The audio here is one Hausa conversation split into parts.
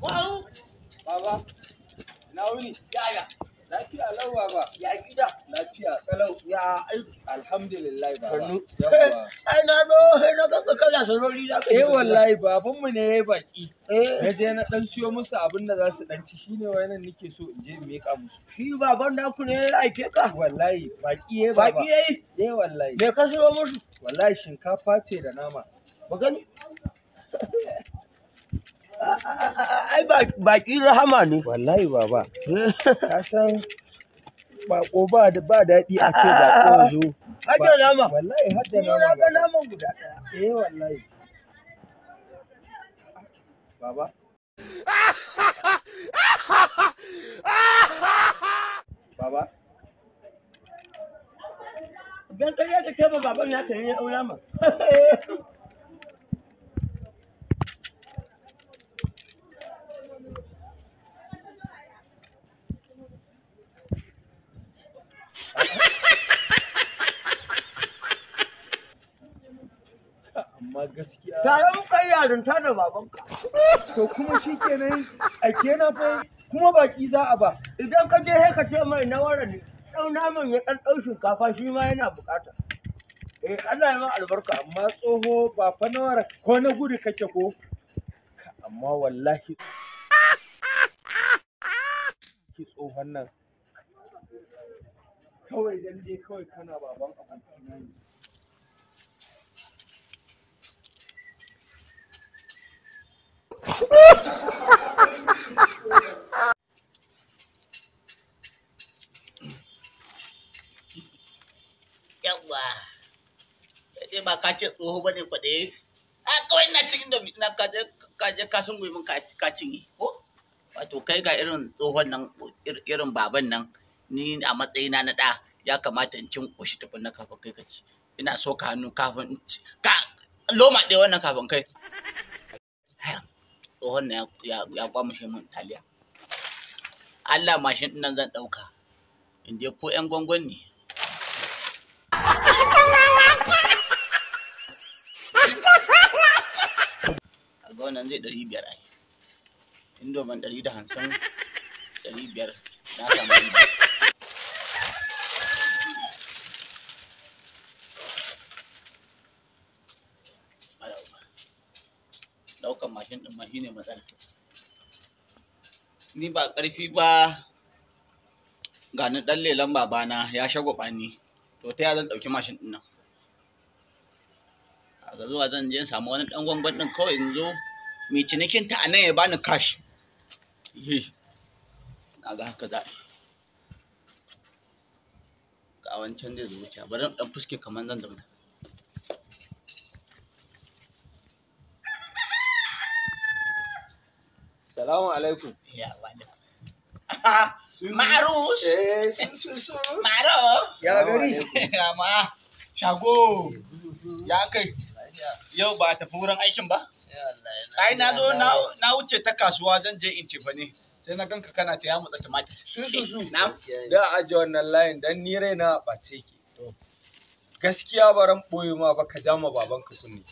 Wau! Baba, na wuni? Yaya. Lafiya lau baba. Ya gida? Lafiya kalau. Ya aiki. Alhamdulillah baba. Sannu. Ai na zo sai na kanka kana sarori da kai. Eh wallahi baban mu ne yayi baki. Eh. Na je na dan siyo musu abin da za su dan ci shine wayannan nake so in je meka musu. Shi baban naku ne ya aike ka? Wallahi baki yayi baba. Baki yayi? Eh wallahi. Me ka siyo musu? Wallahi shinkafa ce da nama. Magani? ai baki rahama ne wallahi baba ka san bako ba da ba daɗi a ce bako zo hajjo nama wallahi hajjo nama ga naman guda ɗaya eh wallahi baba baba Ben kariya ka ce ba baban ya kan ya aura ma amma gaskiya ta yi da babanka to kuma shi kenan a kenan fa kuma baki za a ba idan ka je ka ce mai na wara ne naman ya ɗan shinkafa shi ma yana buƙata eh Allah ya ma albarka amma tsoho ba fa na wara ko na gudu kake ko amma wallahi ki tsohon nan kawai dan kawai kana baban abokina ne Yawwa, dai ba ka ce tsoho ba ne kwaɗe. A ah, kawai ina cikin da na kaje kasan gwiwin ka cinye, ko? Wato kai ga irin tsohon nan, irin baban nan, ni a matsayina na ɗa ya kamata in cin ƙoshi tukun na kafin kai ka ci. Ina so ka hannu kafin ka loma ɗaya wannan kafin kai. tsohon na ya kwamushe mun taliya Allah mashin nan zan ɗauka in je ko 'yan gwangon ne a ga wannan zai ɗari biyar ai man ɗari da hamsin ɗari biyar na samu ɗaukan mashin ɗin ma shine matsala ni ba ƙarfi ba ga ni ɗan lelan babana ya shago ni to ta ya zan ɗauki mashin ɗin nan ga zuwa zan je in samu wani ɗan gwangwan ɗin kawai in zo mai cinikin ta a nan ya bani cash yi na ga haka za ga wancan zai zuciya bari ɗan fuske kamar zan zauna Salamu alaikum. Ya wani. Marus. Eh, su su Maro. Ya gari. Ya ma. Shago. Ya kai. Yau ba tafi wurin aikin ba? Ai na zo na wuce ta kasuwa zan je in ce ba ne. sai na ganka kana ta yamutsa tumatir. Su su su. Na. Da a ji wannan layin dan ni raina a ɓace ke. Gaskiya baran boye ma baka jama babanka kunni.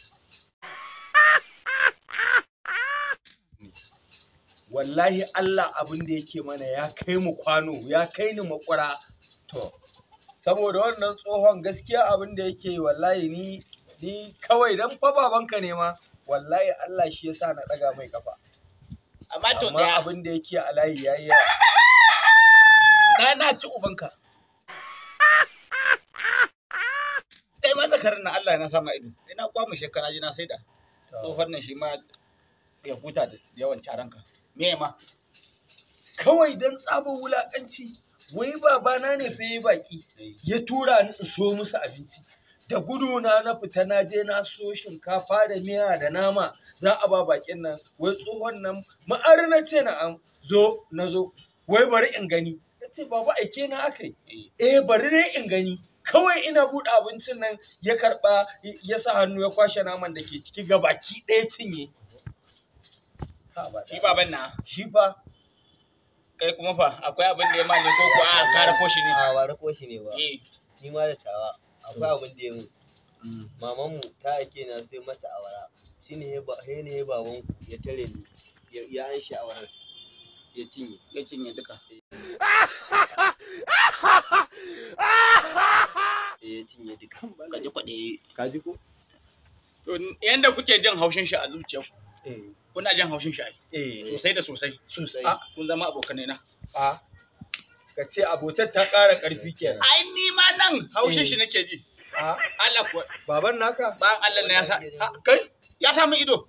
wallahi Allah abin da yake mana ya kai mu kwano ya kai ni makura to saboda wannan tsohon gaskiya abin da yake wallahi ni ni kawai dan fa babanka ne ma wallahi Allah shi yasa na daga mai kafa amma to amma abin da yake a layi yayi na na ci ubanka kai ma zakarin na Allah na sama ido ina kwamu shekara ji na saida tsohon nan shi ma ya huta da yawan caranka me kawai don tsabar wulaƙanci wai babana ne fa ya baki ya tura ni in so musu abinci da guduna na fita na je na so shinkafa da miya da nama za a ba bakin nan wai tsohon nan ma'ar na ce na an zo na zo wai bari in gani na ce baba aike na aka yi eh, eh bari ne in gani kawai ina buɗe abincin nan ya karɓa ya sa hannu ya kwashe naman da ke ciki ga baki ɗaya cinye Shi baban na. Shi fa. Kai kuma fa akwai abin da ya mani ko ko a ah, ka rako shi ne. A ba rako shi ne ba. Eh. Ni ma da tawa akwai abin da ya mu. Mm. Maman mu ta ake na sai mata awara. Shi ne ya baban ya tare ni ya an shi awaras ya cinye. Ya cinye duka. Eh, ya cinye dukan bala. Kaji kwaɗe. Kaji ko? Yanda kuke jin haushin shi a zuciyarku. Eh. kuna jan haushin shi ai eh. sosai da sosai sosai ah, kun zama abokanai na a ka ce abotar ta ƙara ƙarfi kenan ai ni ma nan haushin eh. shi nake ji Allah ko baban naka ba Allah ne ya sa kai ya samu ido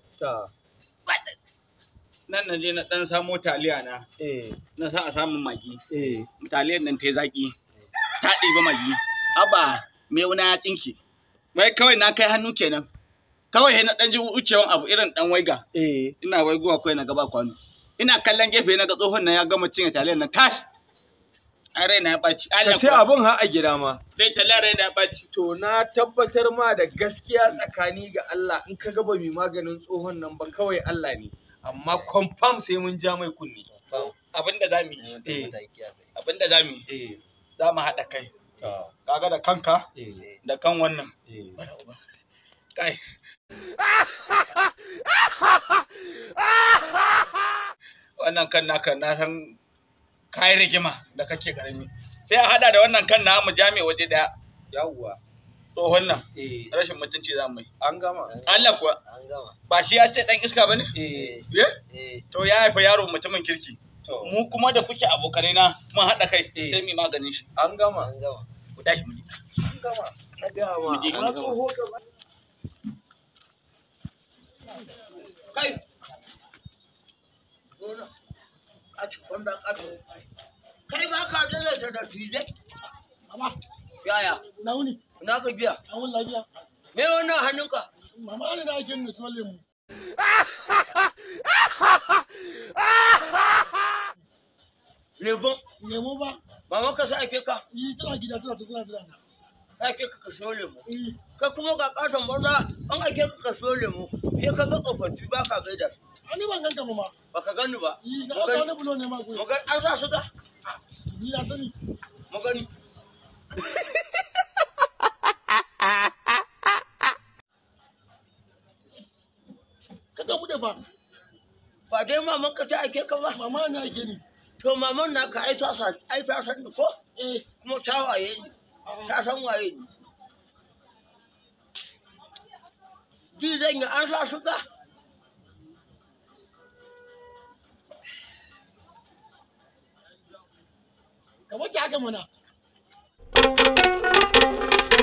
nan na je na dan samo taliya na na sa a samu magi taliyar nan ta zaki ta ɗebi magi abba me wuna ya tsinki mai kawai na kai hannu kenan kawai na dan ji wucewan abu irin dan waiga eh ina waiguwa kai na gaba kwano ina kallon gefe na ga tsohon nan ya gama cin taliyar nan tash a raina ya ɓaci. Ka ce abin ha a gida ma. Dai tala raina ya ɓaci. To na tabbatar ma da gaskiya tsakani ga Allah in ka gaba mai maganin tsohon nan ba kawai Allah ne. Amma confirm sai mun ja mai kunni. Abinda zamu za mu yi. eh abinda za mu yi. eh zamu haɗa kai. Eh. Kaga da kanka eh. da kan wannan. Eh. Kai. wannan kan naka na san kayi rigima da kake karami sai a hada da wannan kan na mu jami waje daya yawwa tsohon nan eh. rashin mutunci za mu yi an gama Allah kuwa an gama ba shi ya ce dan iska bane eh. Eh? eh to ya haifa yaro mutumin kirki mu kuma da kuke abokanai na mun hada kai sai mu maganin shi an gama an gama ku tashi mu an gama na gama kai gona a cikin da kai ba ka da fide mama yaya launi na ka biya awun lafiya me wannan hannunka mama ne da ake nusu Lemo ba. Mama ka sa ake ka. Yi tana gida tana tana tana. Ake ka ka so Ka kuma ga katon banza an ake ka ka lemu lemo. Ke ka ga tsofaffi ba ka gaida. Ani ban ganta ba ma. Ba ka gani ba. Yi na wani bulo ne ma goyi. Mugan an sa suga. Ah, ni na sani. Mugani. Kada bude fa. Ba dai maman ka ta ake ka ba. Mama na ake ni. To maman na ka ta san ko? Eh. Kuma ta waye ni. Ah. Ta san waye ni. ji zan yi an sa suga ka wuce